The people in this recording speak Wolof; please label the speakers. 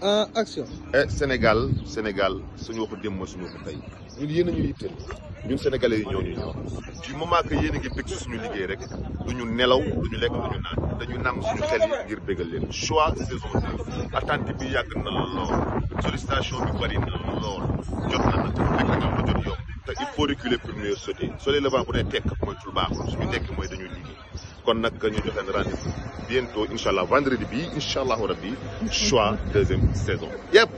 Speaker 1: en euh, action. et eh, Sénégal Sénégal suñu waxu démb suñu waxu tey yéen a ñu yitteel ñun sénégalais yi ñoo ñu ñor du moment que yéen a suñu liggéey rek du ñu nelaw du ñu lekk du ñu naan dañu nam suñu xel yi ngir bégal leen choix saison bi attente bi yàgg na lool sollicitation bi bari na lool jot na nag fekk na ko jot yomb te il faut reculer pour mieux sauter soo bu ne tekk mooy tul baaxul suñu tekk mooy dañuy liggéey. kon nag ñu joxe leen rendez-vous bientôt incha allah vendredi bi incha allahu rabbi
Speaker 2: choix deuxième saison yëpp.